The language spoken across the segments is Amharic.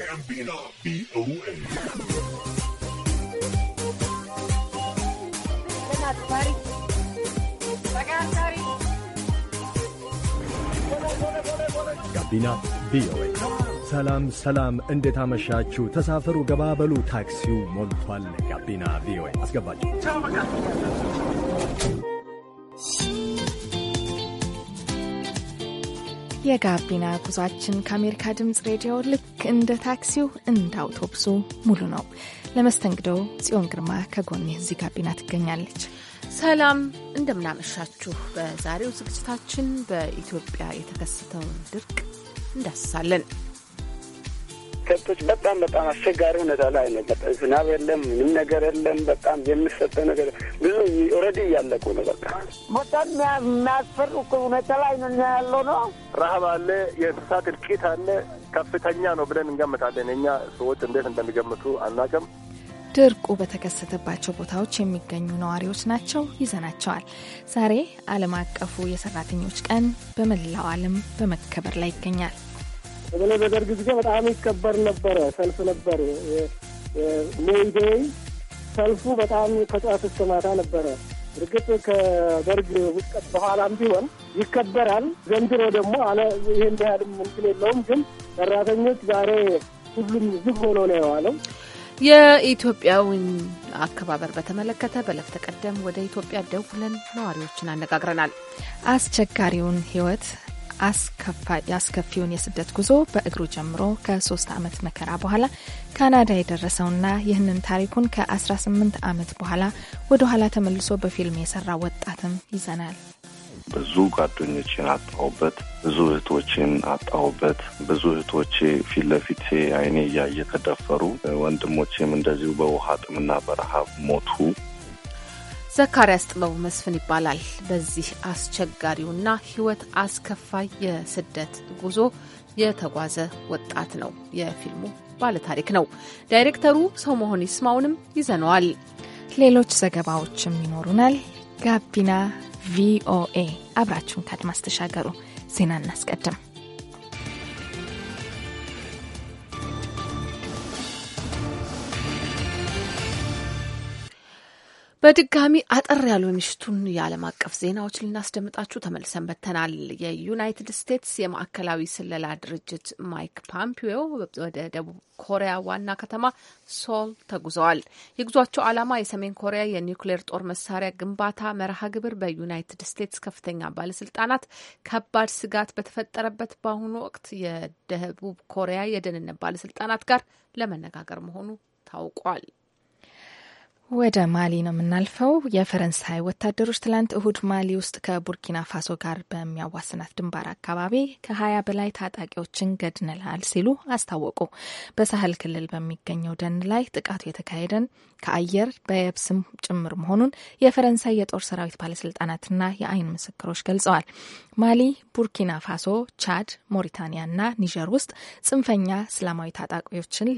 ጋቢና ቪኦኤ ጋቢና ቪኦኤ። ሰላም ሰላም፣ እንዴት አመሻችሁ? ተሳፈሩ፣ በሉ፣ ታክሲው ሞልቷል። ጋቢና ቪኦኤ አስገባችሁ። የጋቢና ጉዟችን ከአሜሪካ ድምፅ ሬዲዮ ልክ እንደ ታክሲው እንደ አውቶቡሱ ሙሉ ነው። ለመስተንግዶ ጽዮን ግርማ ከጎኔ እዚህ ጋቢና ትገኛለች። ሰላም እንደምናመሻችሁ። በዛሬው ዝግጅታችን በኢትዮጵያ የተከሰተውን ድርቅ እንዳስሳለን። ከብቶች በጣም በጣም አስቸጋሪ ሁኔታ ላይ ነው። ዝናብ የለም፣ ምንም ነገር የለም። በጣም የሚሰጠው ነገር ብዙ ኦልሬዲ እያለቁ ነው። በቃ በጣም የሚያስፈር ሁኔታ ላይ ነው ያለው ነው። ረሀብ አለ፣ የእንስሳት እልቂት አለ። ከፍተኛ ነው ብለን እንገምታለን። እኛ ሰዎች እንዴት እንደሚገምቱ አናውቅም። ድርቁ በተከሰተባቸው ቦታዎች የሚገኙ ነዋሪዎች ናቸው ይዘናቸዋል። ዛሬ ዓለም አቀፉ የሰራተኞች ቀን በመላው ዓለም በመከበር ላይ ይገኛል። በተለይ በደርግ ጊዜ በጣም ይከበር ነበረ። ሰልፍ ነበር። ሜይ ሰልፉ በጣም ከጠዋት እስከ ማታ ነበረ። እርግጥ ከደርግ ውድቀት በኋላም ቢሆን ይከበራል። ዘንድሮ ደግሞ አለ ይህን ያህልም እንትን የለውም። ግን ሰራተኞች ዛሬ ሁሉም ዝግ ሆኖ ነው የዋለው። የኢትዮጵያውን አከባበር በተመለከተ በለፍ ተቀደም ወደ ኢትዮጵያ ደውለን ነዋሪዎችን አነጋግረናል። አስቸጋሪውን ህይወት አስከፊውን የስደት ጉዞ በእግሩ ጀምሮ ከሶስት ዓመት መከራ በኋላ ካናዳ የደረሰውና ይህንን ታሪኩን ከ18 ዓመት በኋላ ወደ ኋላ ተመልሶ በፊልም የሰራ ወጣትም ይዘናል። ብዙ ጓደኞችን አጣሁበት፣ ብዙ እህቶችን አጣሁበት። ብዙ እህቶቼ ፊት ለፊቴ አይኔ እያየ ተደፈሩ። ወንድሞቼም እንደዚሁ በውሃ ጥምና በረሃብ ሞቱ። ዘካርያስ ጥበቡ መስፍን ይባላል። በዚህ አስቸጋሪውና ሕይወት አስከፋይ የስደት ጉዞ የተጓዘ ወጣት ነው። የፊልሙ ባለታሪክ ነው። ዳይሬክተሩ ሰው መሆን ይስማውንም ይዘነዋል። ሌሎች ዘገባዎችም ይኖሩናል። ጋቢና ቪኦኤ አብራችሁን ከአድማስ ተሻገሩ። ዜና እናስቀድም። በድጋሚ አጠር ያሉ የምሽቱን የዓለም አቀፍ ዜናዎች ልናስደምጣችሁ ተመልሰን በተናል። የዩናይትድ ስቴትስ የማዕከላዊ ስለላ ድርጅት ማይክ ፓምፒዮ ወደ ደቡብ ኮሪያ ዋና ከተማ ሶል ተጉዘዋል። የጉዟቸው ዓላማ የሰሜን ኮሪያ የኒውክሌር ጦር መሳሪያ ግንባታ መርሃ ግብር በዩናይትድ ስቴትስ ከፍተኛ ባለስልጣናት ከባድ ስጋት በተፈጠረበት በአሁኑ ወቅት የደቡብ ኮሪያ የደህንነት ባለስልጣናት ጋር ለመነጋገር መሆኑ ታውቋል። ወደ ማሊ ነው የምናልፈው። የፈረንሳይ ወታደሮች ትላንት እሁድ ማሊ ውስጥ ከቡርኪና ፋሶ ጋር በሚያዋስናት ድንባር አካባቢ ከሀያ በላይ ታጣቂዎችን ገድንላል ሲሉ አስታወቁ። በሳህል ክልል በሚገኘው ደን ላይ ጥቃቱ የተካሄደን ከአየር በየብስም ጭምር መሆኑን የፈረንሳይ የጦር ሰራዊት ባለስልጣናትና የአይን ምስክሮች ገልጸዋል። ማሊ፣ ቡርኪና ፋሶ፣ ቻድ፣ እና ኒጀር ውስጥ ጽንፈኛ እስላማዊ ታጣቂዎችን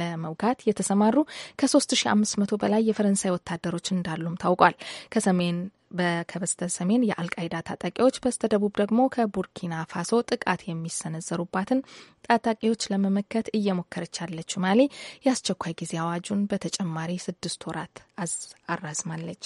ለመውጋት የተሰማሩ ከ3500 በላይ የፈረንሳይ ወታደሮች እንዳሉም ታውቋል። ከሰሜን በከበስተ ሰሜን የአልቃይዳ ታጣቂዎች በስተ ደቡብ ደግሞ ከቡርኪና ፋሶ ጥቃት የሚሰነዘሩባትን ታጣቂዎች ለመመከት እየሞከረች ያለችው ማሊ የአስቸኳይ ጊዜ አዋጁን በተጨማሪ ስድስት ወራት አራዝማለች።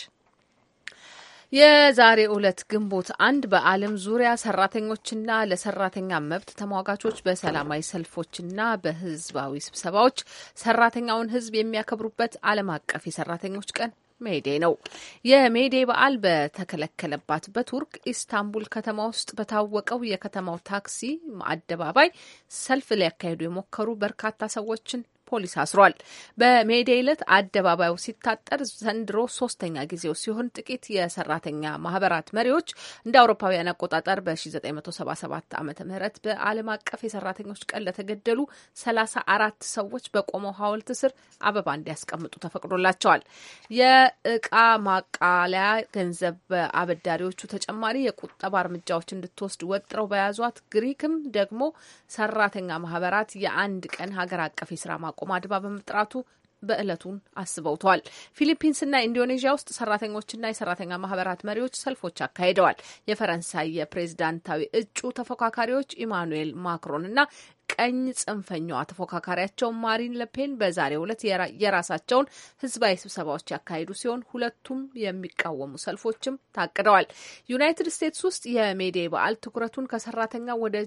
የዛሬ ዕለት ግንቦት አንድ በዓለም ዙሪያ ሰራተኞችና ለሰራተኛ መብት ተሟጋቾች በሰላማዊ ሰልፎችና በህዝባዊ ስብሰባዎች ሰራተኛውን ህዝብ የሚያከብሩበት ዓለም አቀፍ የሰራተኞች ቀን ሜዴ ነው። የሜዴ በዓል በተከለከለባት በቱርክ ኢስታንቡል ከተማ ውስጥ በታወቀው የከተማው ታክሲ አደባባይ ሰልፍ ሊያካሄዱ የሞከሩ በርካታ ሰዎችን ፖሊስ አስሯል። በሜዴይ ዕለት አደባባዩ ሲታጠር ዘንድሮ ሶስተኛ ጊዜው ሲሆን ጥቂት የሰራተኛ ማህበራት መሪዎች እንደ አውሮፓውያን አቆጣጠር በ1977 ዓ ም በዓለም አቀፍ የሰራተኞች ቀን ለተገደሉ 34 ሰዎች በቆመው ሐውልት ስር አበባ እንዲያስቀምጡ ተፈቅዶላቸዋል። የእቃ ማቃለያ ገንዘብ በአበዳሪዎቹ ተጨማሪ የቁጠባ እርምጃዎች እንድትወስድ ወጥረው በያዟት ግሪክም ደግሞ ሰራተኛ ማህበራት የአንድ ቀን ሀገር አቀፍ የስራ የማቆም አድማ በመጥራቱ በዕለቱን አስበውተዋል። ፊሊፒንስና ኢንዶኔዥያ ውስጥ ሰራተኞችና የሰራተኛ ማህበራት መሪዎች ሰልፎች አካሂደዋል። የፈረንሳይ የፕሬዝዳንታዊ እጩ ተፎካካሪዎች ኢማኑኤል ማክሮንና ቀኝ ጽንፈኛዋ ተፎካካሪያቸው ማሪን ለፔን በዛሬው ዕለት የራሳቸውን ህዝባዊ ስብሰባዎች ያካሄዱ ሲሆን ሁለቱም የሚቃወሙ ሰልፎችም ታቅደዋል። ዩናይትድ ስቴትስ ውስጥ የሜዴ በዓል ትኩረቱን ከሰራተኛ ወደ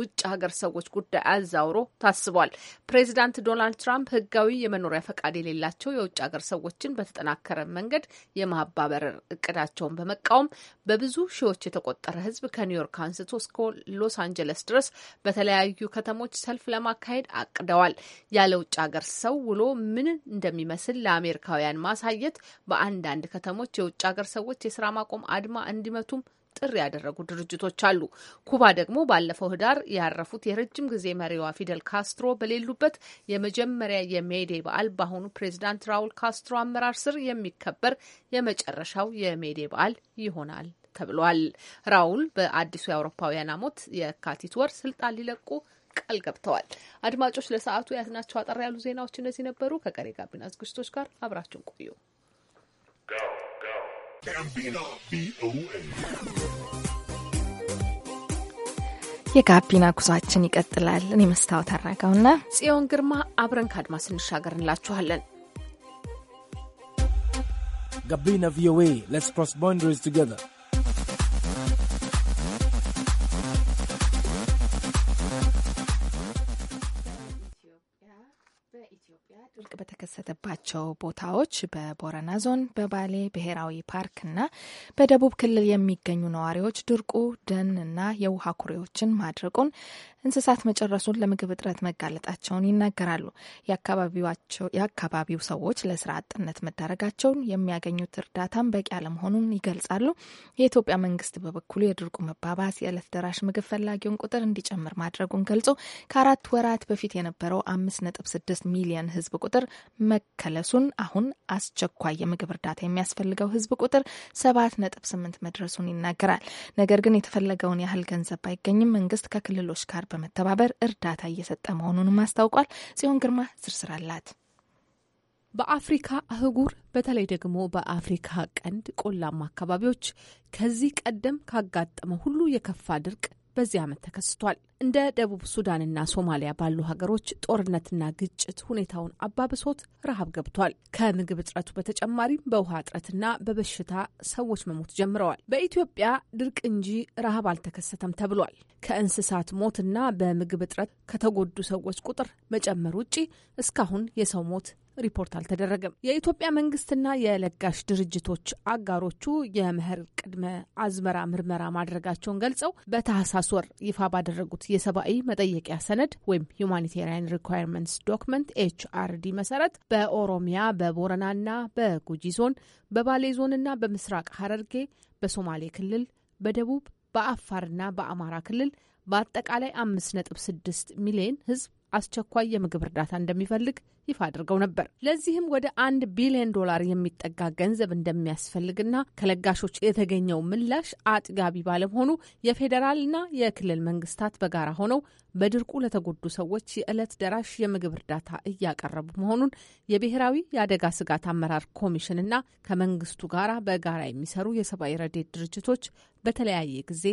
ውጭ ሀገር ሰዎች ጉዳይ አዛውሮ ታስቧል። ፕሬዚዳንት ዶናልድ ትራምፕ ህጋዊ የመኖሪያ ፈቃድ የሌላቸው የውጭ ሀገር ሰዎችን በተጠናከረ መንገድ የማባበር እቅዳቸውን በመቃወም በብዙ ሺዎች የተቆጠረ ህዝብ ከኒውዮርክ አንስቶ እስከ ሎስ አንጀለስ ድረስ በተለያዩ ከተሞች ሰልፍ ለማካሄድ አቅደዋል። ያለ ውጭ ሀገር ሰው ውሎ ምን እንደሚመስል ለአሜሪካውያን ማሳየት፣ በአንዳንድ ከተሞች የውጭ ሀገር ሰዎች የስራ ማቆም አድማ እንዲመቱም ጥሪ ያደረጉ ድርጅቶች አሉ። ኩባ ደግሞ ባለፈው ህዳር ያረፉት የረጅም ጊዜ መሪዋ ፊደል ካስትሮ በሌሉበት የመጀመሪያ የሜዴ በዓል በአሁኑ ፕሬዚዳንት ራውል ካስትሮ አመራር ስር የሚከበር የመጨረሻው የሜዴ በዓል ይሆናል ተብሏል። ራውል በአዲሱ የአውሮፓውያን አሞት የካቲት ወር ስልጣን ሊለቁ ቃል ገብተዋል። አድማጮች ለሰዓቱ ያዝናቸው አጠር ያሉ ዜናዎች እነዚህ ነበሩ። ከቀሪ ጋቢና ዝግጅቶች ጋር አብራችሁን ቆዩ። ጋቢና ቪኦኤ የጋቢና ጉዟችን ይቀጥላል። እኔ መስታወት አራጋውና ጽዮን ግርማ አብረን ከአድማስ ስንሻገር እንላችኋለን። ጋቢና ቪኦኤ ሌትስ ክሮስ ቦንደሪስ ቱጌዘር ኢትዮጵያ ድርቅ በተከሰተባቸው ቦታዎች በቦረና ዞን በባሌ ብሔራዊ ፓርክና በደቡብ ክልል የሚገኙ ነዋሪዎች ድርቁ ደንና የውሃ ኩሬዎችን ማድረቁን፣ እንስሳት መጨረሱን፣ ለምግብ እጥረት መጋለጣቸውን ይናገራሉ። የአካባቢው ሰዎች ለስራ አጥነት መዳረጋቸውን፣ የሚያገኙት እርዳታም በቂ አለመሆኑን ይገልጻሉ። የኢትዮጵያ መንግስት በበኩሉ የድርቁ መባባስ የዕለት ደራሽ ምግብ ፈላጊውን ቁጥር እንዲጨምር ማድረጉን ገልጾ ከአራት ወራት በፊት የነበረው አምስት ነጥብ ስድስት ሚሊዮን ሚሊየን ህዝብ ቁጥር መከለሱን አሁን አስቸኳይ የምግብ እርዳታ የሚያስፈልገው ህዝብ ቁጥር ሰባት ነጥብ ስምንት መድረሱን ይናገራል። ነገር ግን የተፈለገውን ያህል ገንዘብ ባይገኝም መንግስት ከክልሎች ጋር በመተባበር እርዳታ እየሰጠ መሆኑንም አስታውቋል። ጽዮን ግርማ ዝርዝር አላት። በአፍሪካ አህጉር በተለይ ደግሞ በአፍሪካ ቀንድ ቆላማ አካባቢዎች ከዚህ ቀደም ካጋጠመው ሁሉ የከፋ ድርቅ በዚህ ዓመት ተከስቷል። እንደ ደቡብ ሱዳንና ሶማሊያ ባሉ ሀገሮች ጦርነትና ግጭት ሁኔታውን አባብሶት ረሃብ ገብቷል። ከምግብ እጥረቱ በተጨማሪም በውሃ እጥረትና በበሽታ ሰዎች መሞት ጀምረዋል። በኢትዮጵያ ድርቅ እንጂ ረሃብ አልተከሰተም ተብሏል። ከእንስሳት ሞትና በምግብ እጥረት ከተጎዱ ሰዎች ቁጥር መጨመር ውጪ እስካሁን የሰው ሞት ሪፖርት አልተደረገም። የኢትዮጵያ መንግስትና የለጋሽ ድርጅቶች አጋሮቹ የመኸር ቅድመ አዝመራ ምርመራ ማድረጋቸውን ገልጸው በታህሳስ ወር ይፋ ባደረጉት የሰብአዊ መጠየቂያ ሰነድ ወይም ሁማኒቴሪያን ሪኳየርመንትስ ዶክመንት ኤችአርዲ መሰረት በኦሮሚያ በቦረናና በጉጂ ዞን በባሌ ዞንና በምስራቅ ሐረርጌ በሶማሌ ክልል በደቡብ በአፋርና በአማራ ክልል በአጠቃላይ 5.6 ሚሊዮን ህዝብ አስቸኳይ የምግብ እርዳታ እንደሚፈልግ ይፋ አድርገው ነበር። ለዚህም ወደ አንድ ቢሊዮን ዶላር የሚጠጋ ገንዘብ እንደሚያስፈልግና ከለጋሾች የተገኘው ምላሽ አጥጋቢ ባለመሆኑ የፌዴራልና የክልል መንግስታት በጋራ ሆነው በድርቁ ለተጎዱ ሰዎች የዕለት ደራሽ የምግብ እርዳታ እያቀረቡ መሆኑን የብሔራዊ የአደጋ ስጋት አመራር ኮሚሽንና ከመንግስቱ ጋር በጋራ የሚሰሩ የሰብአዊ ረዴት ድርጅቶች በተለያየ ጊዜ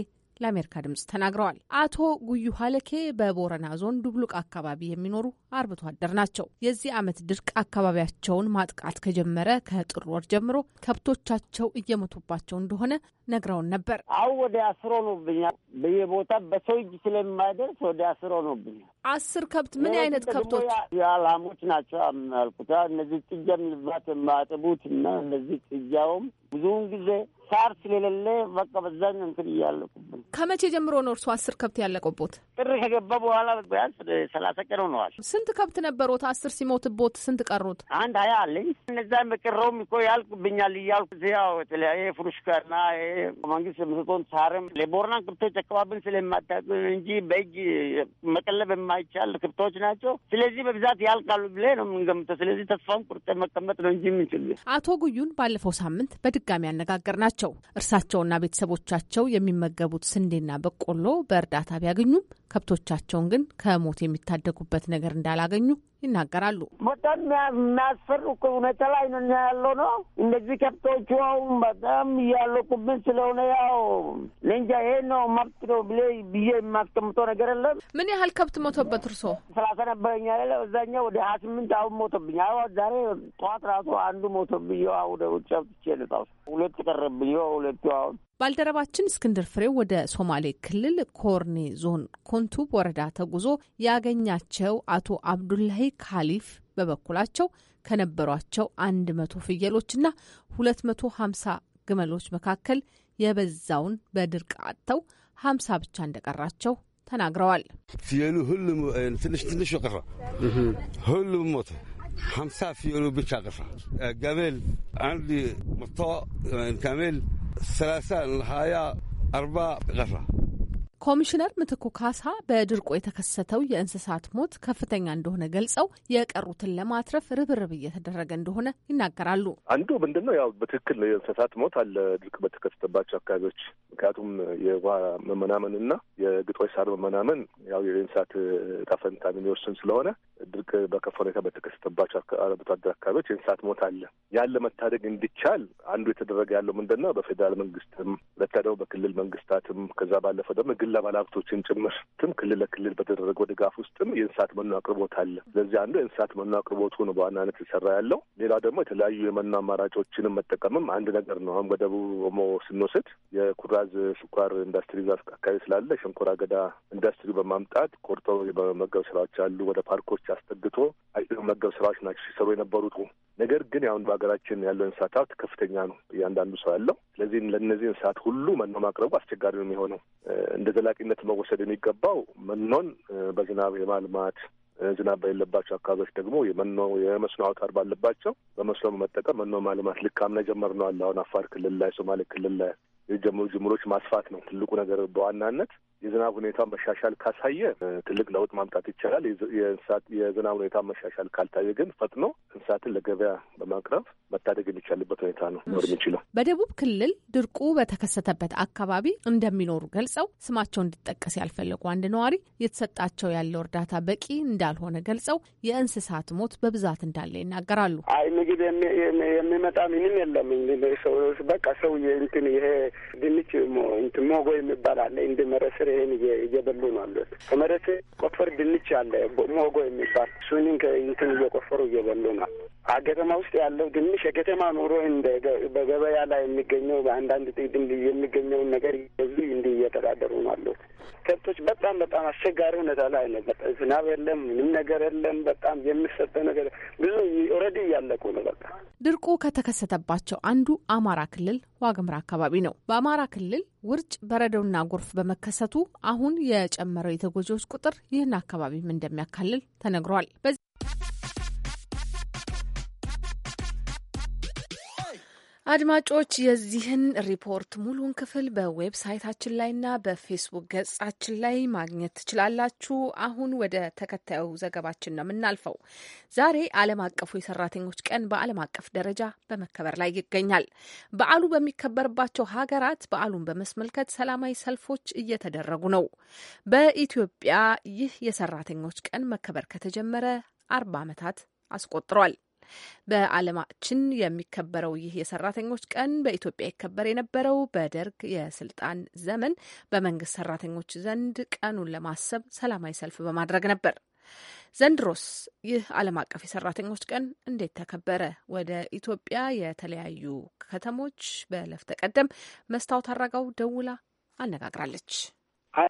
ለአሜሪካ ድምጽ ተናግረዋል። አቶ ጉዩ ሀለኬ በቦረና ዞን ዱብሉቅ አካባቢ የሚኖሩ አርብቶ አደር ናቸው። የዚህ ዓመት ድርቅ አካባቢያቸውን ማጥቃት ከጀመረ ከጥር ወር ጀምሮ ከብቶቻቸው እየሞቱባቸው እንደሆነ ነግረውን ነበር። አሁ ወደ አስሮ ኖብኛል። በየቦታ በሰው እጅ ስለማይደርስ ወደ አስሮ ኖብኛል። አስር ከብት ምን አይነት ከብቶች? ላሞች ናቸው ያልኩት እነዚህ ጥጃ የሚልባት የማያጥቡት እና እነዚህ ጥጃውም ብዙውን ጊዜ ሳር ስለሌለ በቃ በዛን እንትን እያለቁብን። ከመቼ ጀምሮ ነው እርሶ አስር ከብት ያለቀቦት? ጥር ከገባ በኋላ ቢያንስ ሰላሳ ቀን ሆነዋል። ስንት ከብት ነበሮት? አስር ሲሞትቦት ስንት ቀሩት? አንድ ሀያ አለኝ። እነዛን በቀረውም እኮ ያልቅብኛል እያልኩ ያው የተለያየ ፍሩሽካና መንግስት ምስቶን ሳርም ለቦርና ክብቶች አካባቢን ስለማታቅ እንጂ በእጅ መቀለብ የማይቻል ክብቶች ናቸው። ስለዚህ በብዛት ያልቃሉ ብለ ነው የምንገምተው። ስለዚህ ተስፋም ቁርጠ መቀመጥ ነው እንጂ የምንችል አቶ ጉዩን ባለፈው ሳምንት በድጋሚ ናቸው። ናቸው። እርሳቸውና ቤተሰቦቻቸው የሚመገቡት ስንዴና በቆሎ በእርዳታ ቢያገኙም ከብቶቻቸውን ግን ከሞት የሚታደጉበት ነገር እንዳላገኙ ይናገራሉ። በጣም የሚያስፈር እኮ ሁኔታ ላይ ነው ያለው ነው። እንደዚህ ከብቶቹ አሁን በጣም እያለቁብን ስለሆነ ያው ለእንጃ ይሄ ነው መብት ነው ብ ብዬ የማስቀምጠው ነገር የለም። ምን ያህል ከብት ሞተበት እርሶ? ሰላሳ ነበረኛ ለ እዛኛ ወደ ሀያ ስምንት አሁን ሞተብኝ። አ ዛሬ ጠዋት ራሱ አንዱ ሞተብኝ። አሁን ወደ ውጭ ብቼ ልጣ ሁለት ቀረብኝ። ሁለቱ አሁን ባልደረባችን እስክንድር ፍሬው ወደ ሶማሌ ክልል ኮርኔ ዞን ኮንቱብ ወረዳ ተጉዞ ያገኛቸው አቶ አብዱላሂ ካሊፍ በበኩላቸው ከነበሯቸው አንድ 100 ፍየሎችና ሀምሳ ግመሎች መካከል የበዛውን በድርቅ አጥተው ሀምሳ ብቻ እንደቀራቸው ተናግረዋል። ፍየሉ ሁሉም ትንሽ ትንሽ ቀረ፣ ሁሉም ሞተ። ሀምሳ ፍየሉ ብቻ ቀረ። ገበል አንድ መቶ ከሜል ثلاثة نهاية أربعة غرة ኮሚሽነር ምትኩ ካሳ በድርቆ የተከሰተው የእንስሳት ሞት ከፍተኛ እንደሆነ ገልጸው የቀሩትን ለማትረፍ ርብርብ እየተደረገ እንደሆነ ይናገራሉ። አንዱ ምንድን ነው ያው በትክክል የእንስሳት ሞት አለ ድርቅ በተከሰተባቸው አካባቢዎች። ምክንያቱም የውሃ መመናመን እና የግጦሽ ሳር መመናመን ያው የእንስሳት ጠፈንታ የሚወስን ስለሆነ ድርቅ በከፋ ሁኔታ በተከሰተባቸው አርብቶ አደር አካባቢዎች የእንስሳት ሞት አለ። ያን ለመታደግ እንዲቻል አንዱ የተደረገ ያለው ምንድን ነው በፌዴራል መንግስትም፣ ሁለታ ደግሞ በክልል መንግስታትም ከዛ ባለፈው ደግሞ የግል ባለሀብቶችን ጭምርትም ክልል ለክልል በተደረገው ድጋፍ ውስጥም የእንስሳት መኖ አቅርቦት አለ። ስለዚህ አንዱ የእንስሳት መኖ አቅርቦቱ ነው በዋናነት የሰራ ያለው። ሌላ ደግሞ የተለያዩ የመኖ አማራጮችንም መጠቀምም አንድ ነገር ነው። አሁን በደቡብ ኦሞ ስንወስድ የኩራዝ ስኳር ኢንዱስትሪ ዛፍ አካባቢ ስላለ ሸንኮራ አገዳ ኢንዱስትሪ በማምጣት ቆርጦ የመመገብ ስራዎች አሉ። ወደ ፓርኮች አስጠግቶ መገብ ስራዎች ናቸው ሲሰሩ የነበሩት። ነገር ግን አሁን በሀገራችን ያለው እንስሳት ሀብት ከፍተኛ ነው፣ እያንዳንዱ ሰው ያለው። ስለዚህ ለእነዚህ እንስሳት ሁሉ መኖ ማቅረቡ አስቸጋሪ ነው የሚሆነው። በዘላቂነት መወሰድ የሚገባው መኖን በዝናብ የማልማት ዝናብ በሌለባቸው አካባቢዎች ደግሞ የመኖ የመስኖ አውታር ባለባቸው በመስኖ በመጠቀም መኖ ማልማት ልክ አምና ጀመርነዋል። አሁን አፋር ክልል ላይ፣ ሶማሌ ክልል ላይ የጀመሩ ጅምሮች ማስፋት ነው ትልቁ ነገር በዋናነት የዝናብ ሁኔታን መሻሻል ካሳየ ትልቅ ለውጥ ማምጣት ይቻላል። የእንስሳት የዝናብ ሁኔታ መሻሻል ካልታየ ግን ፈጥኖ እንስሳትን ለገበያ በማቅረብ መታደግ የሚቻልበት ሁኔታ ነው ኖር የሚችለው። በደቡብ ክልል ድርቁ በተከሰተበት አካባቢ እንደሚኖሩ ገልጸው ስማቸው እንዲጠቀስ ያልፈለጉ አንድ ነዋሪ የተሰጣቸው ያለው እርዳታ በቂ እንዳልሆነ ገልጸው የእንስሳት ሞት በብዛት እንዳለ ይናገራሉ። አይ ምግብ የሚመጣ ምንም የለም። በቃ ሰው እንትን ይሄ ድንች ሞጎ የሚባል አለ ይህን እየበሉ ነው አሉት። ከመሬት ቆፈር ድንች አለ ሞጎ የሚባል እሱን እንትን እየቆፈሩ እየበሉ ነው። አገተማ ውስጥ ያለው ትንሽ የከተማ ኑሮ እንደ በገበያ ላይ የሚገኘው በአንዳንድ ጥቅም የሚገኘውን ነገር እየገዙ እንዲ እየተዳደሩ ነው አሉት። ከብቶች በጣም በጣም አስቸጋሪ ሁኔታ ላይ ነው። ዝናብ የለም፣ ምንም ነገር የለም። በጣም የሚሰጠው ነገር ብዙ ኦልሬዲ እያለቁ ነው። በቃ ድርቁ ከተከሰተባቸው አንዱ አማራ ክልል ዋግምራ አካባቢ ነው። በአማራ ክልል ውርጭ፣ በረዶና ጎርፍ በመከሰቱ አሁን የጨመረው የተጎጂዎች ቁጥር ይህን አካባቢም እንደሚያካልል ተነግሯል። አድማጮች የዚህን ሪፖርት ሙሉን ክፍል በዌብሳይታችን ላይና በፌስቡክ ገጻችን ላይ ማግኘት ትችላላችሁ። አሁን ወደ ተከታዩ ዘገባችን ነው የምናልፈው። ዛሬ ዓለም አቀፉ የሰራተኞች ቀን በዓለም አቀፍ ደረጃ በመከበር ላይ ይገኛል። በዓሉ በሚከበርባቸው ሀገራት በዓሉን በመስመልከት ሰላማዊ ሰልፎች እየተደረጉ ነው። በኢትዮጵያ ይህ የሰራተኞች ቀን መከበር ከተጀመረ አርባ ዓመታት አስቆጥሯል። በዓለማችን የሚከበረው ይህ የሰራተኞች ቀን በኢትዮጵያ ይከበር የነበረው በደርግ የስልጣን ዘመን በመንግስት ሰራተኞች ዘንድ ቀኑን ለማሰብ ሰላማዊ ሰልፍ በማድረግ ነበር። ዘንድሮስ ይህ ዓለም አቀፍ የሰራተኞች ቀን እንዴት ተከበረ? ወደ ኢትዮጵያ የተለያዩ ከተሞች በለፍ ተቀደም መስታወት አራጋው ደውላ አነጋግራለች።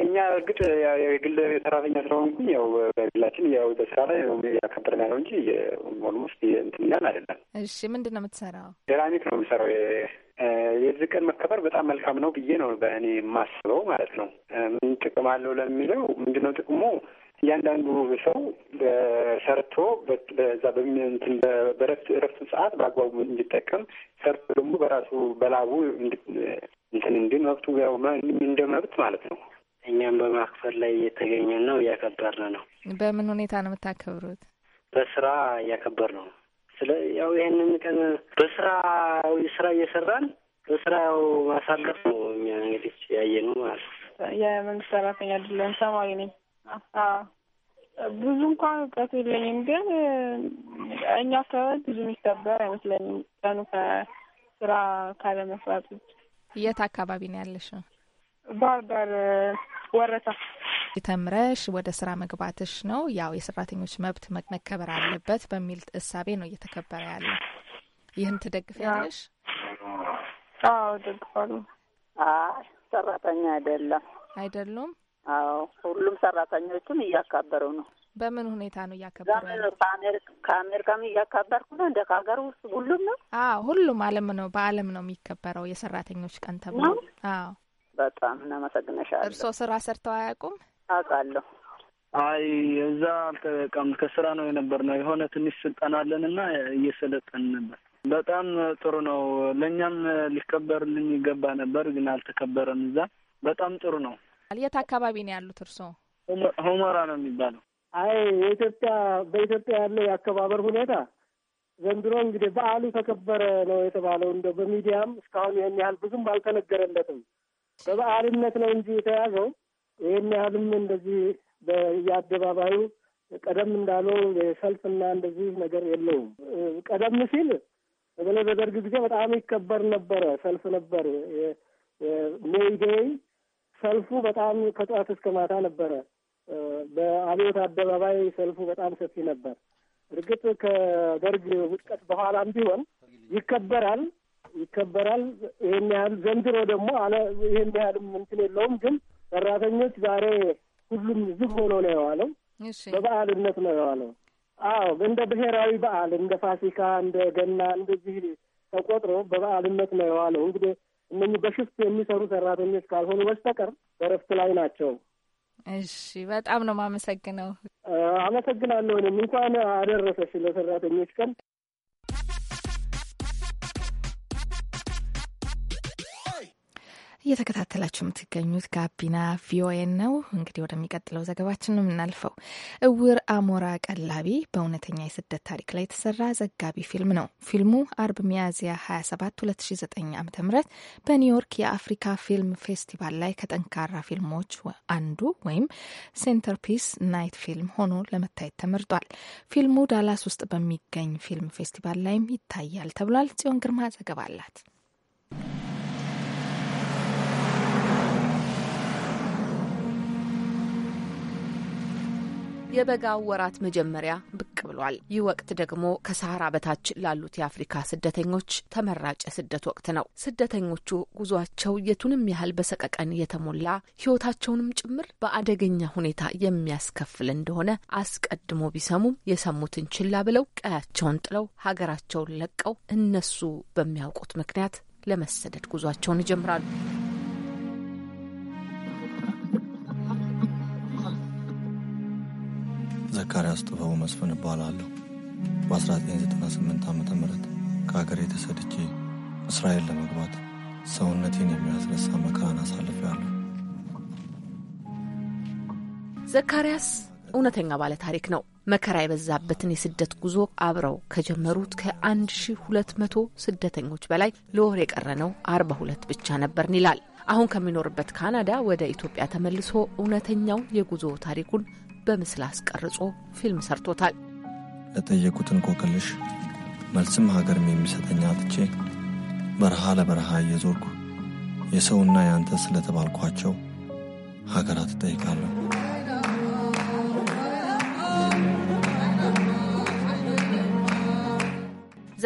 እኛ እርግጥ የግል ሰራተኛ ስለሆንኩኝ ያው በግላችን ያው በስራ ላይ ያከበር ያለው እንጂ ሆኑ ውስጥ እንትን ይላል አይደለም። እሺ፣ ምንድን ነው የምትሰራው? ሴራሚክ ነው የምሰራው። የዚህ ቀን መከበር በጣም መልካም ነው ብዬ ነው በእኔ የማስበው ማለት ነው። ምን ጥቅም አለው ለሚለው ምንድነው ጥቅሙ? እያንዳንዱ ሰው ሰርቶ በዛ በሚንትን በረፍት ረፍት ሰዓት በአግባቡ እንዲጠቀም ሰርቶ ደግሞ በራሱ በላቡ እንትን እንዲን መብቱ ያው እንደ መብት ማለት ነው እኛም በማክበር ላይ እየተገኘን ነው፣ እያከበርን ነው። በምን ሁኔታ ነው የምታከብሩት? በስራ እያከበር ነው። ስለ ያው ይህንን ቀን በስራ ስራ እየሰራን በስራ ያው ማሳለፍ ነው። እኛ እንግዲህ ያየ ነው ማለት የመንግስት ሰራተኛ አይደለም፣ ሰማዊ ነኝ። ብዙ እንኳን እውቀት የለኝም፣ ግን እኛ አካባቢ ብዙ የሚከበር አይመስለኝም ቀኑ ከስራ ካለመስራት ውጭ። የት አካባቢ ነው ያለሽው? ባህር ዳር ወረታ ተምረሽ ወደ ስራ መግባትሽ ነው። ያው የሰራተኞች መብት መከበር አለበት በሚል እሳቤ ነው እየተከበረ ያለ። ይህን ትደግፊያለሽ? አዎ ደግፋሉ። ሰራተኛ አይደለም አይደሉም። አዎ ሁሉም ሰራተኞቹም እያከበሩ ነው። በምን ሁኔታ ነው እያከበሩ? ከአሜሪካም እያካበርኩ ነው። እንደ ከሀገር ውስጥ ሁሉም ነው። አዎ ሁሉም አለም ነው በአለም ነው የሚከበረው የሰራተኞች ቀን ተብሎ። አዎ በጣም እናመሰግነሻለን። እርስዎ ስራ ሰርተው አያውቁም? አውቃለሁ። አይ እዛ አልተቀም ከስራ ነው የነበር ነው የሆነ ትንሽ ስልጠና አለን አለንና እየሰለጠን ነበር። በጣም ጥሩ ነው። ለእኛም ሊከበርልን ይገባ ነበር፣ ግን አልተከበረም። እዛ በጣም ጥሩ ነው። የት አካባቢ ነው ያሉት እርስዎ? ሁመራ ነው የሚባለው። አይ የኢትዮጵያ በኢትዮጵያ ያለው የአከባበር ሁኔታ ዘንድሮ እንግዲህ በዓሉ ተከበረ ነው የተባለው። እንደው በሚዲያም እስካሁን ይህን ያህል ብዙም አልተነገረለትም። በበዓልነት ነው እንጂ የተያዘው ይህን ያህልም እንደዚህ በየአደባባዩ ቀደም እንዳለው የሰልፍና እንደዚህ ነገር የለውም። ቀደም ሲል በተለይ በደርግ ጊዜ በጣም ይከበር ነበረ። ሰልፍ ነበር። ሜይዴይ ሰልፉ በጣም ከጠዋት እስከ ማታ ነበረ። በአብዮት አደባባይ ሰልፉ በጣም ሰፊ ነበር። እርግጥ ከደርግ ውድቀት በኋላም ቢሆን ይከበራል። ይከበራል። ይህን ያህል ዘንድሮ ደግሞ አለ ይህን ያህልም እንትን የለውም። ግን ሰራተኞች ዛሬ ሁሉም ዝግ ሆኖ ነው የዋለው። በበዓልነት ነው የዋለው። አዎ እንደ ብሔራዊ በዓል እንደ ፋሲካ፣ እንደ ገና እንደዚህ ተቆጥሮ በበዓልነት ነው የዋለው። እንግዲህ እነኚህ በሽፍት የሚሰሩ ሰራተኞች ካልሆኑ በስተቀር በረፍት ላይ ናቸው። እሺ፣ በጣም ነው የማመሰግነው። አመሰግናለሁ። እኔም እንኳን አደረሰሽ ለሰራተኞች ቀን። እየተከታተላችሁ የምትገኙት ጋቢና ቪኦኤን ነው። እንግዲህ ወደሚቀጥለው ዘገባችን ነው የምናልፈው። እውር አሞራ ቀላቢ በእውነተኛ የስደት ታሪክ ላይ የተሰራ ዘጋቢ ፊልም ነው። ፊልሙ አርብ ሚያዝያ 27 2009 ዓ ም በኒውዮርክ የአፍሪካ ፊልም ፌስቲቫል ላይ ከጠንካራ ፊልሞች አንዱ ወይም ሴንተርፒስ ናይት ፊልም ሆኖ ለመታየት ተመርጧል። ፊልሙ ዳላስ ውስጥ በሚገኝ ፊልም ፌስቲቫል ላይም ይታያል ተብሏል። ጽዮን ግርማ ዘገባ አላት። የበጋው ወራት መጀመሪያ ብቅ ብሏል። ይህ ወቅት ደግሞ ከሰሃራ በታች ላሉት የአፍሪካ ስደተኞች ተመራጭ የስደት ወቅት ነው። ስደተኞቹ ጉዟቸው የቱንም ያህል በሰቀቀን የተሞላ ሕይወታቸውንም ጭምር በአደገኛ ሁኔታ የሚያስከፍል እንደሆነ አስቀድሞ ቢሰሙም የሰሙትን ችላ ብለው ቀያቸውን ጥለው ሀገራቸውን ለቀው እነሱ በሚያውቁት ምክንያት ለመሰደድ ጉዟቸውን ይጀምራሉ። ዘካሪያ አስጥፈው መስፍን እባላለሁ። በ1998 ዓ ም ከሀገር ተሰድጄ እስራኤል ለመግባት ሰውነቴን የሚያስነሳ መከራን አሳልፌያለሁ። ዘካርያስ እውነተኛ ባለ ታሪክ ነው። መከራ የበዛበትን የስደት ጉዞ አብረው ከጀመሩት ከ1200 ስደተኞች በላይ ለወር የቀረነው 42 ብቻ ነበርን ይላል። አሁን ከሚኖርበት ካናዳ ወደ ኢትዮጵያ ተመልሶ እውነተኛው የጉዞ ታሪኩን በምስል አስቀርጾ ፊልም ሰርቶታል። ለጠየቁትን እንቆቅልሽ መልስም ሀገርም የሚሰጠኝ አጥቼ በረሃ ለበረሃ እየዞርኩ የሰውና የአንተ ስለተባልኳቸው ሀገራት እጠይቃለሁ።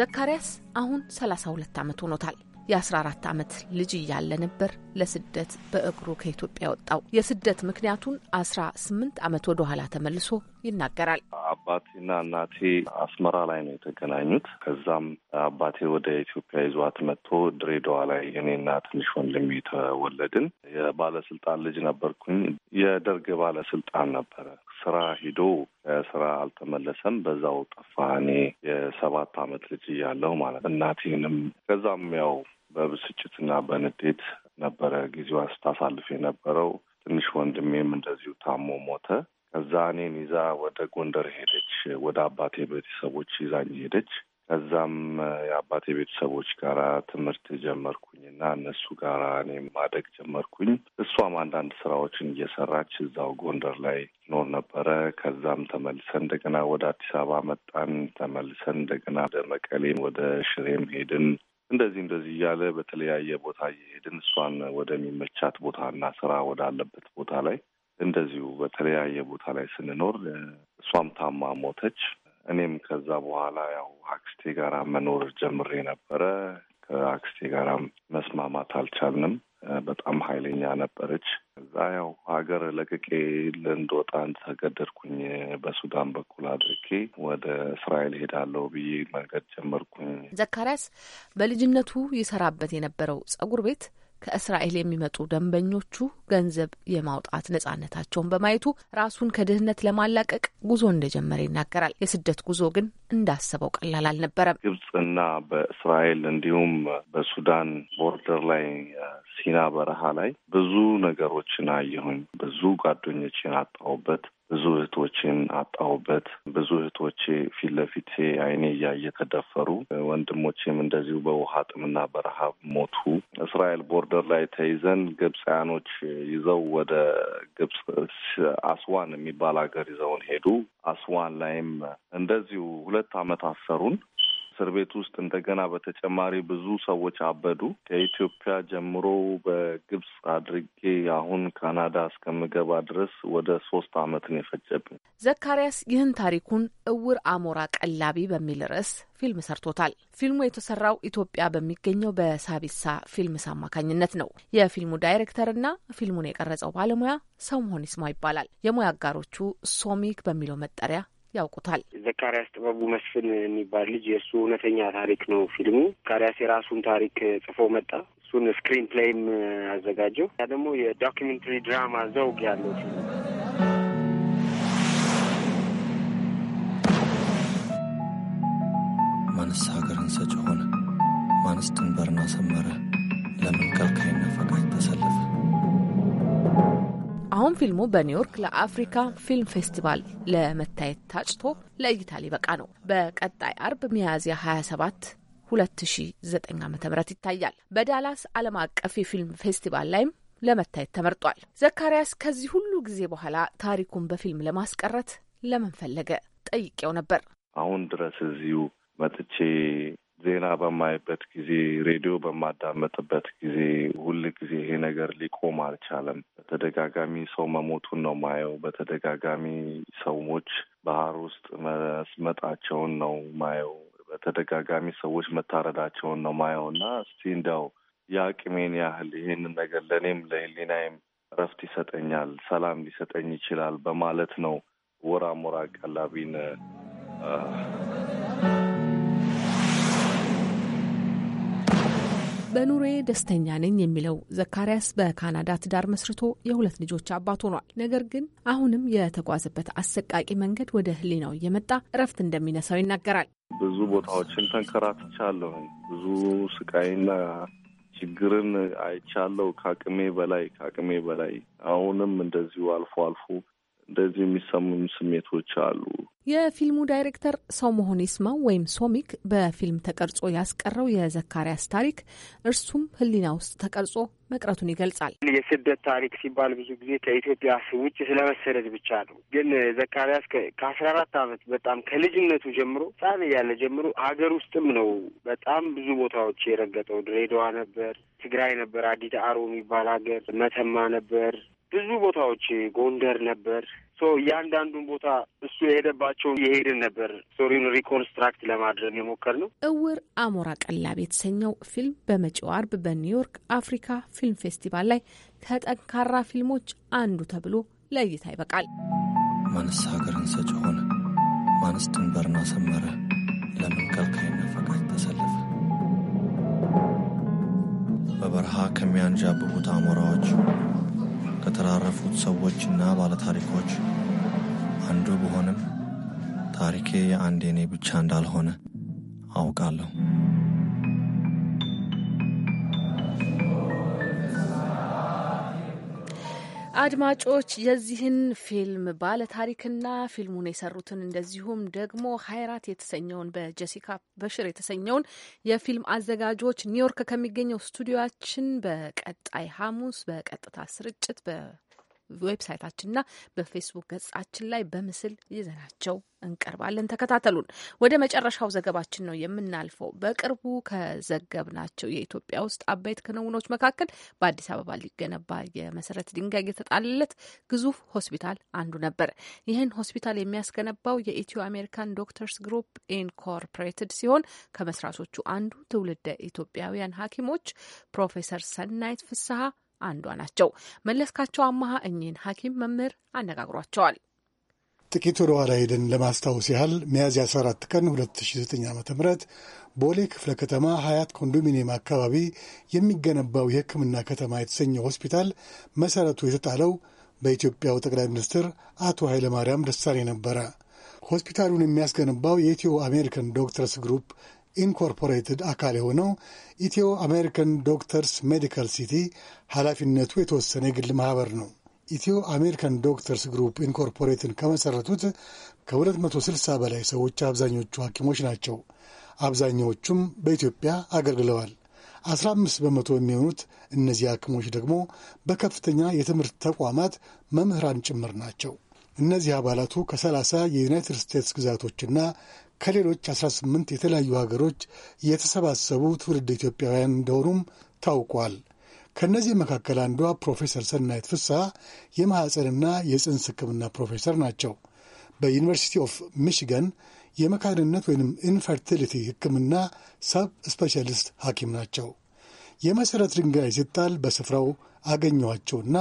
ዘካርያስ አሁን 32 ዓመት ሆኖታል። የ14 ዓመት ልጅ እያለ ነበር ለስደት በእግሩ ከኢትዮጵያ ወጣው የስደት ምክንያቱን 18 ዓመት ወደ ኋላ ተመልሶ ይናገራል። አባቴና እናቴ አስመራ ላይ ነው የተገናኙት። ከዛም አባቴ ወደ ኢትዮጵያ ይዟት መጥቶ ድሬዳዋ ላይ እኔና ትንሽ ወንድም የተወለድን። የባለስልጣን ልጅ ነበርኩኝ። የደርግ ባለስልጣን ነበረ። ስራ ሂዶ ከስራ አልተመለሰም። በዛው ጠፋ። እኔ የሰባት አመት ልጅ እያለሁ ማለት እናቴንም ከዛም ያው በብስጭትና በንዴት ነበረ ጊዜዋ ስታሳልፍ የነበረው። ትንሽ ወንድሜም እንደዚሁ ታሞ ሞተ። ከዛ እኔን ይዛ ወደ ጎንደር ሄደች። ወደ አባቴ ቤተሰቦች ይዛኝ ሄደች። ከዛም የአባቴ ቤተሰቦች ጋር ትምህርት ጀመርኩኝ እና እነሱ ጋር እኔ ማደግ ጀመርኩኝ። እሷም አንዳንድ ስራዎችን እየሰራች እዛው ጎንደር ላይ ኖር ነበረ። ከዛም ተመልሰን እንደገና ወደ አዲስ አበባ መጣን። ተመልሰን እንደገና ወደ መቀሌም ወደ ሽሬም ሄድን። እንደዚህ እንደዚህ እያለ በተለያየ ቦታ እየሄድን እሷን ወደሚመቻት ቦታ እና ስራ ወዳለበት ቦታ ላይ እንደዚሁ በተለያየ ቦታ ላይ ስንኖር እሷም ታማ ሞተች። እኔም ከዛ በኋላ ያው አክስቴ ጋራ መኖር ጀምሬ ነበረ። ከአክስቴ ጋራም መስማማት አልቻልንም። በጣም ኃይለኛ ነበረች። እዛ ያው ሀገር ለቅቄ ልንድወጣ ተገደድኩኝ። በሱዳን በኩል አድርጌ ወደ እስራኤል ሄዳለሁ ብዬ መንገድ ጀመርኩኝ። ዘካሪያስ በልጅነቱ ይሰራበት የነበረው ጸጉር ቤት ከእስራኤል የሚመጡ ደንበኞቹ ገንዘብ የማውጣት ነጻነታቸውን በማየቱ ራሱን ከድህነት ለማላቀቅ ጉዞ እንደጀመረ ይናገራል። የስደት ጉዞ ግን እንዳሰበው ቀላል አልነበረም። ግብጽና በእስራኤል እንዲሁም በሱዳን ቦርደር ላይ ሲና በረሃ ላይ ብዙ ነገሮችን አየሁኝ። ብዙ ጓደኞችን አጣሁበት። ብዙ እህቶችን አጣሁበት። ብዙ እህቶቼ ፊት ለፊቴ አይኔ እያየ ተደፈሩ። ወንድሞቼም እንደዚሁ በውሃ ጥምና በረሃብ ሞቱ። እስራኤል ቦርደር ላይ ተይዘን ግብፃያኖች ይዘው ወደ ግብፅ አስዋን የሚባል ሀገር ይዘውን ሄዱ። አስዋን ላይም እንደዚሁ ሁለት ዓመት አሰሩን። እስር ቤት ውስጥ እንደገና በተጨማሪ ብዙ ሰዎች አበዱ። ከኢትዮጵያ ጀምሮ በግብጽ አድርጌ አሁን ካናዳ እስከምገባ ድረስ ወደ ሶስት አመት ነው የፈጀብኝ። ዘካሪያስ ይህን ታሪኩን እውር አሞራ ቀላቢ በሚል ርዕስ ፊልም ሰርቶታል። ፊልሙ የተሰራው ኢትዮጵያ በሚገኘው በሳቢሳ ፊልምስ አማካኝነት ነው። የፊልሙ ዳይሬክተርና ፊልሙን የቀረጸው ባለሙያ ሰው መሆን ይስማ ይባላል። የሙያ አጋሮቹ ሶሚክ በሚለው መጠሪያ ያውቁታል። ዘካሪያስ ጥበቡ መስፍን የሚባል ልጅ የእሱ እውነተኛ ታሪክ ነው ፊልሙ። ዘካሪያስ የራሱን ታሪክ ጽፎ መጣ። እሱን ስክሪን ፕሌይም አዘጋጀው። ያ ደግሞ የዶኪሜንታሪ ድራማ ዘውግ ያለው ፊልም ማንስ ሀገርን ሰጭ ሆነ? ማንስ ድንበርን አሰመረ? ለምን ከልካይና ፈቃጅ ተሰለፈ? አሁን ፊልሙ በኒውዮርክ ለአፍሪካ ፊልም ፌስቲቫል ለመታየት ታጭቶ ለእይታ ሊበቃ ነው። በቀጣይ አርብ ሚያዝያ 27 2009 ዓ.ም ይታያል። በዳላስ ዓለም አቀፍ የፊልም ፌስቲቫል ላይም ለመታየት ተመርጧል። ዘካሪያስ ከዚህ ሁሉ ጊዜ በኋላ ታሪኩን በፊልም ለማስቀረት ለምን ፈለገ ጠይቄው ነበር። አሁን ድረስ እዚሁ መጥቼ ዜና በማይበት ጊዜ፣ ሬዲዮ በማዳመጥበት ጊዜ ሁል ጊዜ ይሄ ነገር ሊቆም አልቻለም። በተደጋጋሚ ሰው መሞቱን ነው ማየው። በተደጋጋሚ ሰዎች ባህር ውስጥ መስመጣቸውን ነው ማየው። በተደጋጋሚ ሰዎች መታረዳቸውን ነው ማየው እና እስቲ እንዲያው የአቅሜን ያህል ይህን ነገር ለእኔም ለህሊናይም እረፍት ይሰጠኛል፣ ሰላም ሊሰጠኝ ይችላል በማለት ነው ወራ ሞራ ቀላቢን በኑሮዬ ደስተኛ ነኝ የሚለው ዘካሪያስ በካናዳ ትዳር መስርቶ የሁለት ልጆች አባት ሆኗል። ነገር ግን አሁንም የተጓዘበት አሰቃቂ መንገድ ወደ ሕሊናው እየመጣ እረፍት እንደሚነሳው ይናገራል። ብዙ ቦታዎችን ተንከራትቻለሁ። ብዙ ስቃይና ችግርን አይቻለሁ። ከአቅሜ በላይ ከአቅሜ በላይ አሁንም እንደዚሁ አልፎ አልፎ እንደዚህ የሚሰሙኝ ስሜቶች አሉ። የፊልሙ ዳይሬክተር ሰው መሆን ይስማው ወይም ሶሚክ በፊልም ተቀርጾ ያስቀረው የዘካሪያስ ታሪክ እርሱም ሕሊና ውስጥ ተቀርጾ መቅረቱን ይገልጻል። የስደት ታሪክ ሲባል ብዙ ጊዜ ከኢትዮጵያ ውጭ ስለመሰደድ ብቻ ነው። ግን ዘካሪያስ ከአስራ አራት ዓመት በጣም ከልጅነቱ ጀምሮ ሕጻን እያለ ጀምሮ ሀገር ውስጥም ነው በጣም ብዙ ቦታዎች የረገጠው። ድሬዳዋ ነበር፣ ትግራይ ነበር፣ አዲድ አሮ የሚባል ሀገር፣ መተማ ነበር፣ ብዙ ቦታዎች ጎንደር ነበር። ሶ እያንዳንዱን ቦታ እሱ የሄደባቸው የሄድን ነበር ስቶሪውን ሪኮንስትራክት ለማድረግ የሞከር ነው። እውር አሞራ ቀላብ የተሰኘው ፊልም በመጪው አርብ በኒውዮርክ አፍሪካ ፊልም ፌስቲቫል ላይ ከጠንካራ ፊልሞች አንዱ ተብሎ ለእይታ ይበቃል። ማንስ ሀገርን ሰጭ ሆነ? ማንስ ድንበርና ሰመረ? ለምን ከልካይና ፈቃድ ተሰለፈ? በበረሃ ከሚያንዣብቡት አሞራዎች ከተራረፉት ሰዎችና ባለታሪኮች አንዱ ብሆንም ታሪኬ የአንድ የኔ ብቻ እንዳልሆነ አውቃለሁ። አድማጮች የዚህን ፊልም ባለታሪክና ፊልሙን የሰሩትን እንደዚሁም ደግሞ ሀይራት የተሰኘውን በጀሲካ በሽር የተሰኘውን የፊልም አዘጋጆች ኒውዮርክ ከሚገኘው ስቱዲዮችን በቀጣይ ሐሙስ በቀጥታ ስርጭት በ ዌብሳይታችንና በፌስቡክ ገጻችን ላይ በምስል ይዘናቸው እንቀርባለን። ተከታተሉን። ወደ መጨረሻው ዘገባችን ነው የምናልፈው። በቅርቡ ከዘገብናቸው የኢትዮጵያ ውስጥ አበይት ክንውኖች መካከል በአዲስ አበባ ሊገነባ የመሰረት ድንጋይ የተጣለለት ግዙፍ ሆስፒታል አንዱ ነበር። ይህን ሆስፒታል የሚያስገነባው የኢትዮ አሜሪካን ዶክተርስ ግሩፕ ኢንኮርፖሬትድ ሲሆን ከመስራቾቹ አንዱ ትውልደ ኢትዮጵያውያን ሐኪሞች ፕሮፌሰር ሰናይት ፍስሀ አንዷ ናቸው። መለስካቸው አማሃ እኚህን ሐኪም መምህር አነጋግሯቸዋል። ጥቂት ወደ ኋላ ሄደን ለማስታወስ ያህል ሚያዝያ 14 ቀን 2009 ዓ ም ቦሌ ክፍለ ከተማ ሀያት ኮንዶሚኒየም አካባቢ የሚገነባው የሕክምና ከተማ የተሰኘው ሆስፒታል መሰረቱ የተጣለው በኢትዮጵያው ጠቅላይ ሚኒስትር አቶ ኃይለማርያም ደሳለኝ ነበረ። ሆስፒታሉን የሚያስገነባው የኢትዮ አሜሪካን ዶክተርስ ግሩፕ ኢንኮርፖሬትድ አካል የሆነው ኢትዮ አሜሪካን ዶክተርስ ሜዲካል ሲቲ ኃላፊነቱ የተወሰነ የግል ማህበር ነው። ኢትዮ አሜሪካን ዶክተርስ ግሩፕ ኢንኮርፖሬትን ከመሠረቱት ከ260 በላይ ሰዎች አብዛኞቹ ሐኪሞች ናቸው። አብዛኛዎቹም በኢትዮጵያ አገልግለዋል። 15 በመቶ የሚሆኑት እነዚህ ሐኪሞች ደግሞ በከፍተኛ የትምህርት ተቋማት መምህራን ጭምር ናቸው። እነዚህ አባላቱ ከ30 የዩናይትድ ስቴትስ ግዛቶችና ከሌሎች 18 የተለያዩ ሀገሮች የተሰባሰቡ ትውልድ ኢትዮጵያውያን እንደሆኑም ታውቋል። ከእነዚህ መካከል አንዷ ፕሮፌሰር ሰናይት ፍስሐ የማኅፀንና የጽንስ ሕክምና ፕሮፌሰር ናቸው። በዩኒቨርሲቲ ኦፍ ሚሽገን የመካንነት ወይም ኢንፈርቲሊቲ ሕክምና ሰብ ስፔሻሊስት ሐኪም ናቸው። የመሠረት ድንጋይ ሲጣል በስፍራው አገኘኋቸውና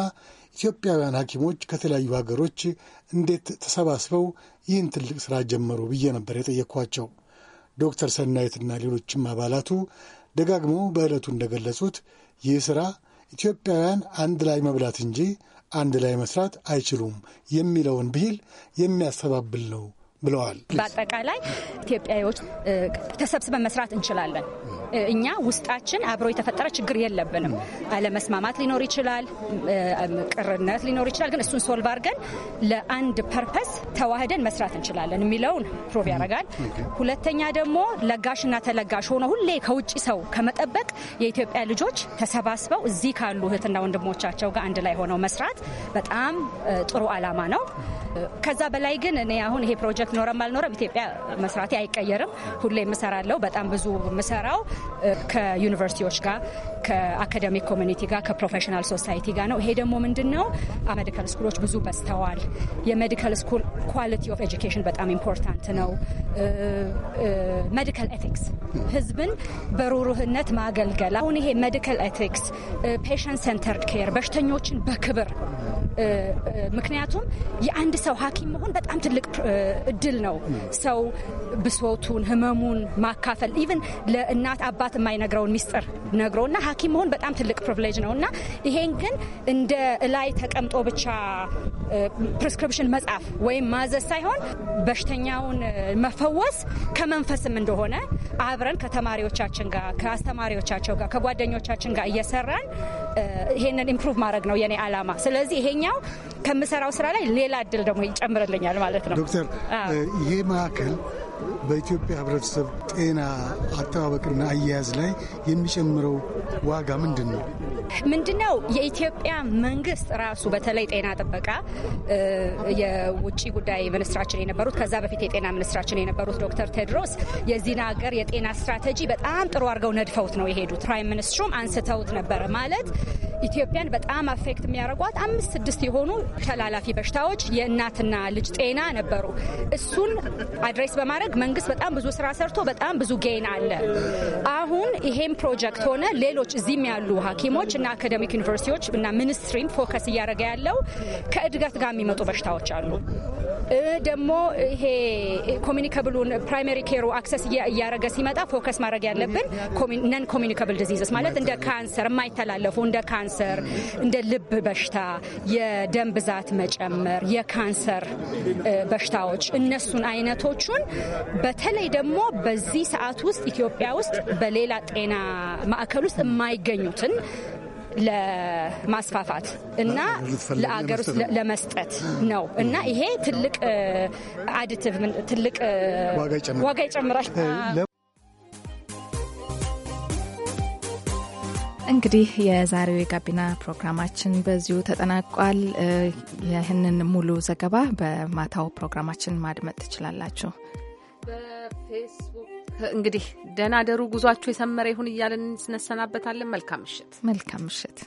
ኢትዮጵያውያን ሐኪሞች ከተለያዩ ሀገሮች እንዴት ተሰባስበው ይህን ትልቅ ስራ ጀመሩ ብዬ ነበር የጠየኳቸው። ዶክተር ሰናይትና ሌሎችም አባላቱ ደጋግመው በዕለቱ እንደገለጹት ይህ ሥራ ኢትዮጵያውያን አንድ ላይ መብላት እንጂ አንድ ላይ መስራት አይችሉም የሚለውን ብሂል የሚያስተባብል ነው ብለዋል። በአጠቃላይ ኢትዮጵያዎች ተሰብስበን መስራት እንችላለን እኛ ውስጣችን አብሮ የተፈጠረ ችግር የለብንም። አለመስማማት ሊኖር ይችላል፣ ቅርነት ሊኖር ይችላል። ግን እሱን ሶልቭ አድርገን ለአንድ ፐርፐስ ተዋህደን መስራት እንችላለን የሚለውን ፕሮቭ ያደርጋል። ሁለተኛ ደግሞ ለጋሽና ተለጋሽ ሆነ ሁሌ ከውጭ ሰው ከመጠበቅ የኢትዮጵያ ልጆች ተሰባስበው እዚህ ካሉ እህትና ወንድሞቻቸው ጋር አንድ ላይ ሆነው መስራት በጣም ጥሩ አላማ ነው። ከዛ በላይ ግን እኔ አሁን ይሄ ፕሮጀክት ኖረም አልኖረም ኢትዮጵያ መስራቴ አይቀየርም። ሁሌ የምሰራለው በጣም ብዙ የምሰራው ከዩኒቨርሲቲዎች ጋር ከአካደሚክ ኮሚኒቲ ጋር ከፕሮፌሽናል ሶሳይቲ ጋር ነው። ይሄ ደግሞ ምንድን ነው ሜዲካል ስኩሎች ብዙ በዝተዋል። የሜዲካል ስኩል ኳሊቲ ኦፍ ኤጁኬሽን በጣም ኢምፖርታንት ነው። ሜዲካል ኤቲክስ ህዝብን በሩሩህነት ማገልገል አሁን ይሄ ሜዲካል ኤቲክስ ፔሽንት ሴንተርድ ኬር በሽተኞችን በክብር ምክንያቱም የአንድ ሰው ሰው ሐኪም መሆን በጣም ትልቅ እድል ነው። ሰው ብሶቱን፣ ህመሙን ማካፈል ኢቭን ለእናት አባት የማይነግረውን ሚስጥር ነግሮና ሐኪም መሆን በጣም ትልቅ ፕሪቪሌጅ ነው እና ይሄን ግን እንደ እላይ ተቀምጦ ብቻ ፕሪስክሪፕሽን መጻፍ ወይም ማዘዝ ሳይሆን በሽተኛውን መፈወስ ከመንፈስም እንደሆነ አብረን ከተማሪዎቻችን ጋር ከአስተማሪዎቻቸው ጋር ከጓደኞቻችን ጋር እየሰራን ይሄንን ኢምፕሩቭ ማድረግ ነው የኔ አላማ። ስለዚህ ይሄኛው ከምሰራው ስራ ላይ ሌላ እድል ደግሞ ይጨምርልኛል ማለት ነው። ዶክተር ይህ ማዕከል በኢትዮጵያ ህብረተሰብ ጤና አጠባበቅና አያያዝ ላይ የሚጨምረው ዋጋ ምንድን ነው? ምንድነው የኢትዮጵያ መንግስት ራሱ በተለይ ጤና ጥበቃ የውጭ ጉዳይ ሚኒስትራችን የነበሩት ከዛ በፊት የጤና ሚኒስትራችን የነበሩት ዶክተር ቴድሮስ የዚህን ሀገር የጤና ስትራቴጂ በጣም ጥሩ አድርገው ነድፈውት ነው የሄዱት። ፕራይም ሚኒስትሩም አንስተውት ነበረ ማለት ኢትዮጵያን በጣም አፌክት የሚያደርጓት አምስት ስድስት የሆኑ ተላላፊ በሽታዎች የእናትና ልጅ ጤና ነበሩ። እሱን አድሬስ በማድረግ ሲያደርግ መንግስት በጣም ብዙ ስራ ሰርቶ በጣም ብዙ ጌን አለ። አሁን ይሄም ፕሮጀክት ሆነ ሌሎች እዚህም ያሉ ሐኪሞች እና አካደሚክ ዩኒቨርሲቲዎች እና ሚኒስትሪም ፎከስ እያደረገ ያለው ከእድገት ጋር የሚመጡ በሽታዎች አሉ። ደግሞ ይሄ ኮሚኒካብሉን ፕራይማሪ ኬሩ አክሰስ እያደረገ ሲመጣ ፎከስ ማድረግ ያለብን ነን ኮሚኒካብል ዲዚዝስ ማለት እንደ ካንሰር የማይተላለፉ እንደ ካንሰር፣ እንደ ልብ በሽታ፣ የደም ብዛት መጨመር፣ የካንሰር በሽታዎች እነሱን አይነቶቹን በተለይ ደግሞ በዚህ ሰዓት ውስጥ ኢትዮጵያ ውስጥ በሌላ ጤና ማዕከል ውስጥ የማይገኙትን ለማስፋፋት እና ለአገር ውስጥ ለመስጠት ነው እና ይሄ ትልቅ አዲቲቭ ትልቅ ዋጋ ይጨምራል። እንግዲህ የዛሬው የጋቢና ፕሮግራማችን በዚሁ ተጠናቋል። ይህንን ሙሉ ዘገባ በማታው ፕሮግራማችን ማድመጥ ትችላላችሁ። በፌስቡክ እንግዲህ ደህና ደሩ፣ ጉዟችሁ የሰመረ ይሁን እያለን እንሰናበታለን። መልካም ምሽት፣ መልካም ምሽት።